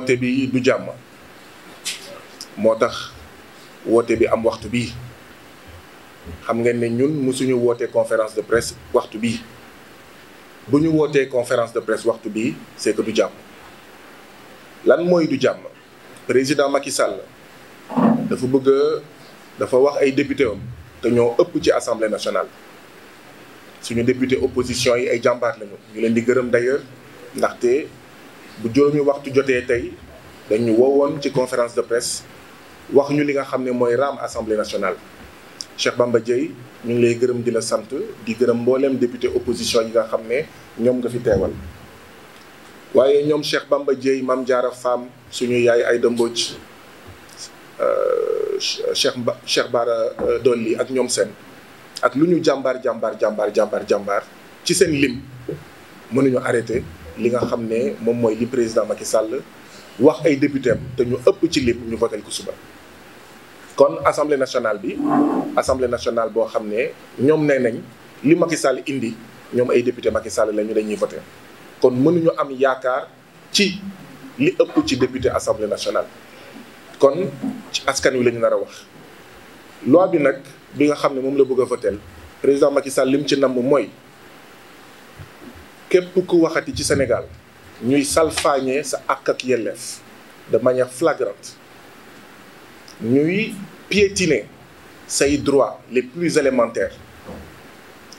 woote bi du jàmm moo tax woote bi am waxtu bi xam ngeen ne ñun suñu wootee conférence de presse waxtu bi bu ñu wootee conférence de press waxtu bi c'est que du jàmm lan mooy du jàmm président Macky Sall dafa bëgg dafa wax ay député am te ñoo ëpp ci assemblée nationale suñu député opposition yi ay jàmbaar lañu ñu leen di gërëm d'ailleurs ndaxte bu juróomi waxtu jotee tey dañu woowoon ci conférence de presse wax ñu li nga xam ne mooy raam assemblée nationale. Cheikh Bamba Dièye ñu ngi lay gërëm di la sant di gërëm mbooleem député opposition yi nga xam ne ñoom nga fi teewal waaye ñoom Cheikh Bamba Dièye Mame Diarra Fam suñu yaay Aïda Mbodj euh, Cheikh Cheikh Bara euh, Dolly ak ñoom seen ak lu ñu jàmbaar jàmbaar jàmbaar jàmbaar jàmbaar ci seen lim mënuñu arrêté li nga xam ne moom mooy li président Macky Sall wax ay député te ñu ëpp ci lim ñu voté ko suba. kon assemblée nationale bi assemblée nationale boo xam ne ñoom nee nañ li Macky Sall indi ñoom ay député Macky Sall la ñu dañuy voté kon mënuñu am yaakaar ci li ëpp ci député assemblée nationale. kon askan wi lañu ñu nar a wax loi bi nag bi nga xam ne moom la bëgg a voté président Macky Sall lim ci namm mooy. képp ku waxati ci Sénégal ñuy salfaañee sa àq ak yelleef de manière flagrante ñuy piétiner say droits les plus élémentaires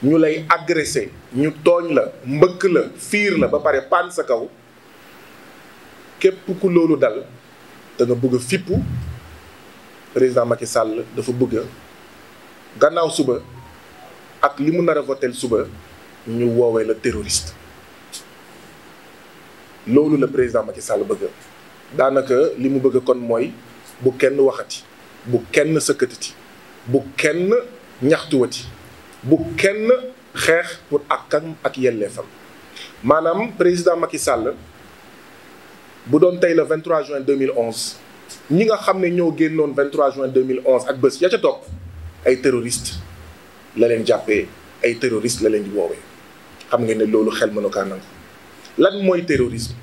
ñu lay agressé ñu tooñ la mbëkk la fiir la ba pare paan sa kaw képp ku loolu dal danga nga bëgg a fippu président Macky Sall dafa bëgg gannaaw suba ak li mu nar votel suba ñu woowee la terroriste loolu la président Macky Sall bëgg daanaka li mu bëgg kon mooy bu kenn waxati bu kenn sëkkatati bu kenn ñaxtuwati bu kenn xeex pour àqam ak yelleefam maanaam président Macky Sall bu doon tey le 23 juin 2011 ñi nga xam ne ñoo génnoon 23 juin 2011 ak bés ya ca topp ay terroristes la leen jàppee ay terroristes la leen di woowee xam nga ne loolu xel mënu kaa nangu lan mooy terrorisme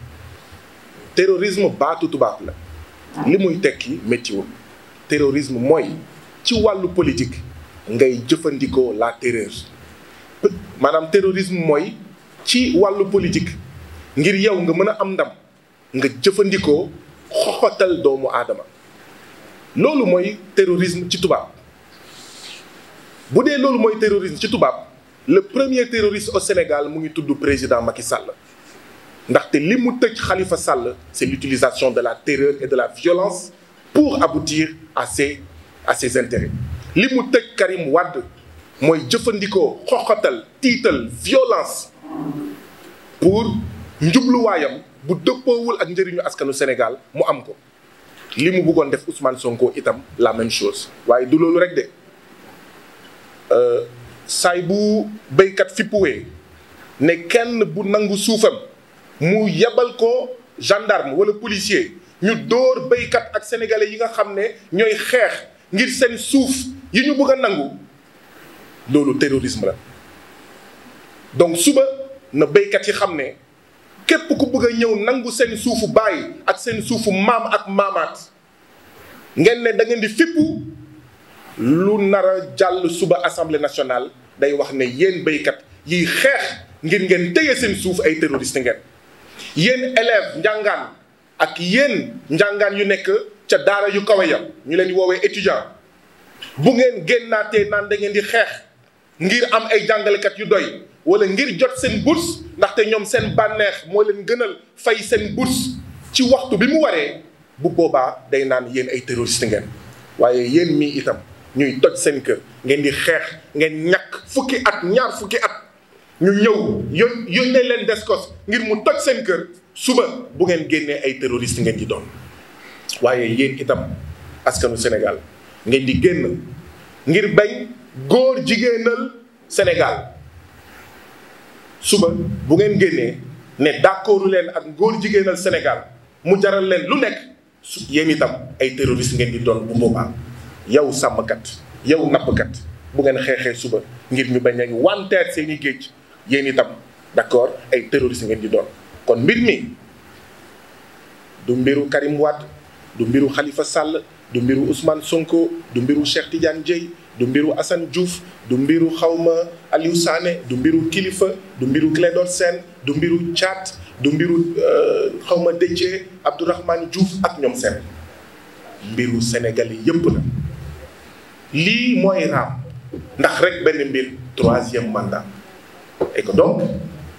terrorisme baatu tubaab la li muy tekki méttiwul terrorisme mooy ci wàllu politique ngay jëfandikoo la terreur maanaam terrorisme mooy ci wàllu politique ngir yow nga mën a am ndam nga jëfandikoo xoxotal doomu aadama loolu mooy terrorisme ci tubaab bu dee loolu mooy terrorisme ci tubaab le premier terroriste au Sénégal mu ngi tudd président Macky Sall ndaxte li mu tëj Khalifa Sall c'est l'utilisation de la terreur et de la violence pour aboutir à ses à ses intérêts li mu tëj Karim Wade mooy jëfandikoo xoxatal tiital violence pour njubluwaayam bu dëppoowul ak njëriñu askanu Sénégal mu am ko li mu bëggoon def Ousmane Sonko itam la même chose waaye du loolu rek de euh, saay bu baykat fippuwee ne kenn bu nangu suufam mu yebal ko gendarme wala policier ñu door béykat ak sénégalais yi nga xam ne ñooy xeex ngir seen suuf yi ñu bëgg a nangu loolu terrorisme la donc suba na béykat yi xam ne képp ku bëgg a ñëw nangu seen suufu baay ak seen suufu maam ak maamaat ngeen ne da ngeen di fippu lu nar a jàll suba assemblée nationale day wax ne yéen béykat yiy xeex ngir ngeen téye seen suuf ay terroriste ngeen yéen élèves njàngaan ak yéen njàngaan yu nekk ca daara yu kawe ya ñu leen woowee étudiant bu ngeen génnaatee naan da ngeen di xeex ngir am ay jàngalekat yu doy wala ngir jot seen bourse ndaxte ñoom seen bànneex moo leen gënal fay seen bourse ci waxtu bi mu waree bu boobaa day naan yéen ay terroriste ngeen waaye yéen mii itam ñuy toj seen kër ngeen di xeex ngeen ñàkk fukki at ñaar fukki at ñu ñëw yon yónnee leen descos ngir mu toj seen kër suba bu ngeen génnee ay terroriste ngeen di doon waaye yéen itam askanu senegal ngeen di génn ngir bañ góor jigéenal senegal suba bu ngeen génnee ne d'accordu leen ak góor jigéenal senegal mu jaral leen lu nekk su yéen itam ay terroriste ngeen di doon bu boobaa yow sàmmkat yow nappkat bu ngeen xeexee suba ngir ñu bañ a wanteer seen géej yéen itam d'accord ay terroriste ngeen di doon. kon mbir mi du mbiru Karim du mbiru Khalifa Sall du mbiru Ousmane Sonko du mbiru Cheikh Tidiane Dieye du mbiru Assane Diouf du mbiru xawma Aliou Sané du mbiru Kilifa du mbiru Clédor Sène du mbiru Thiat du mbiru euh, xawma Déthié Abdourahmane Diouf ak ñoom seen mbiru Sénégalais yépp la lii mooy raam ndax rek benn mbir troisième mandat et que donc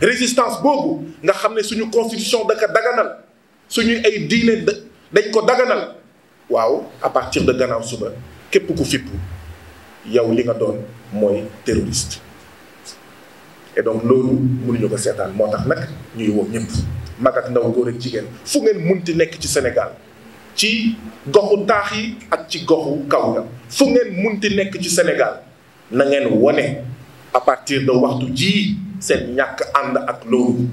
résistance boobu nga xam ne suñu constitution da ko daganal suñu ay diine dañ ko daganal waaw à partir de gannaaw suba képp ku fippu yow li nga doon mooy terroriste et donc loolu mënuñu ko seetaan moo tax nag ñuy woo ñëpp mag ak ndaw góor ak jigéen fu ngeen mun munti nekk ci Sénégal ci goxu taax yi ak ci goxu kaw ya fu ngeen mun ti nekk ci Sénégal na ngeen wone à partir de waxtu jii seen ñàkk ànd ak loolu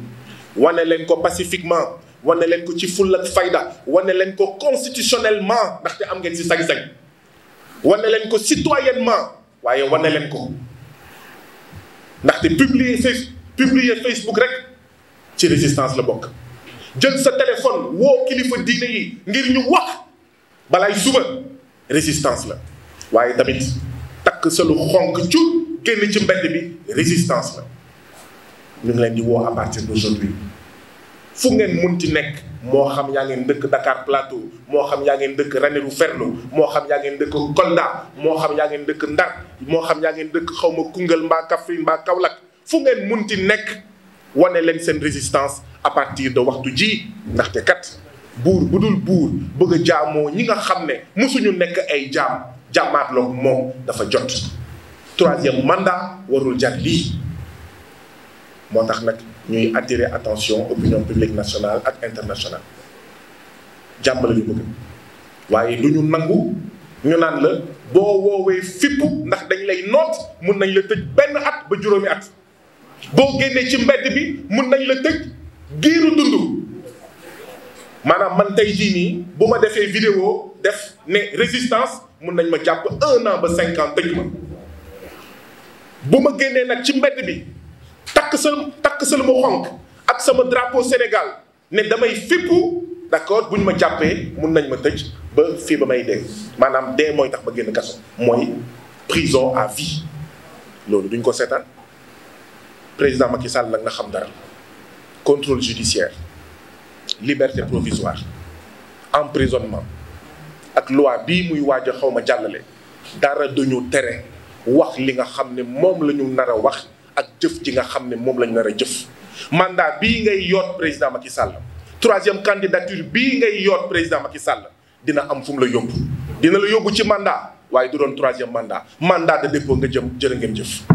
wane leen ko pacifiquement wane leen ko ci full ak fayda wane leen ko constitutionnellement ndaxte am ngeen si sañ-sañ wane leen ko citoyennement waaye wane leen ko ndaxte publier face publier Facebook rek ci résistance la bokk jël sa téléphone woo kilifa diine yi ngir ñu wax balay suba résistance la waaye tamit takk sa lu xonk cu génn ci mbedd bi résistance la ñu ngi leen di woo à partir d'aujourd'hui fu ngeen munti nekk moo xam yaa ngeen dëkk Dakar Plateau moo xam yaa ngeen dëkk Ranérou Ferlo moo xam yaa ngeen dëkk Kolda moo xam yaa ngeen dëkk Ndar moo xam yaa ngeen dëkk xawma ma Koungheul mbaa Kaffrine mbaa Kaolack fu ngeen mun munti nekk wane leen seen résistance à partir de waxtu ji ndaxte kat buur bu dul buur bëgg a jaamoo ñi nga xam ne mosuñu nekk ay jaam jàmmaat loog moom dafa jot troisième mandat warul jar lii moo tax nag ñuy attirer attention opinion publique nationale ak internationale jàmm la ñu waaye lu ñu nangu ñu naan la boo woowee fippu ndax dañ lay noot mun nañ la tëj benn at ba juróomi at boo génnee ci mbedd bi mun nañ la tëj giiru dund maanaam man tey jii nii bu ma defee vidéo def ne résistance mun nañ ma jàpp un ba cinq ans ma bu ma génnee nag ci mbedd bi takk sa takk sa lu ma xonk ak sama drapeau Sénégal ne damay fippu d'accord bu ñu ma jàppee mun nañ ma tëj ba fii ba may dee maanaam dee mooy tax ba génn kaso mooy prison à vie loolu duñ ko seetaan président ma Macky Sall nag nga xam dara contrôle judiciaire liberté provisoire emprisonnement ak loi bii muy waaj a xaw ma jàllale dara duñu tere wax li nga xam ne moom la ñu nar wax ak jëf ji nga xam ne moom lañ nar a jëf mandat bii ngay yoot président Macky Sall troisième candidature bii ngay yoot président Macky Sall dina am fu la yóbbu dina la yóbbu ci mandat waaye du doon troisième mandat mandat de dépôt nga jëm jërë ngeen jëf.